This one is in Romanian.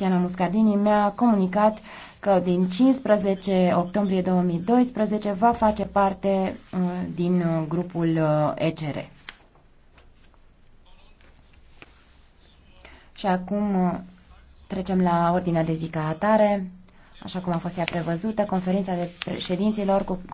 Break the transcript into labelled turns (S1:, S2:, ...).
S1: Tiana Muscardini mi-a comunicat că din 15 octombrie 2012 va face parte uh, din uh, grupul uh, ECR. Și acum trecem la ordinea de zi ca atare. Așa cum a fost ea prevăzută, conferința de președinților
S2: cu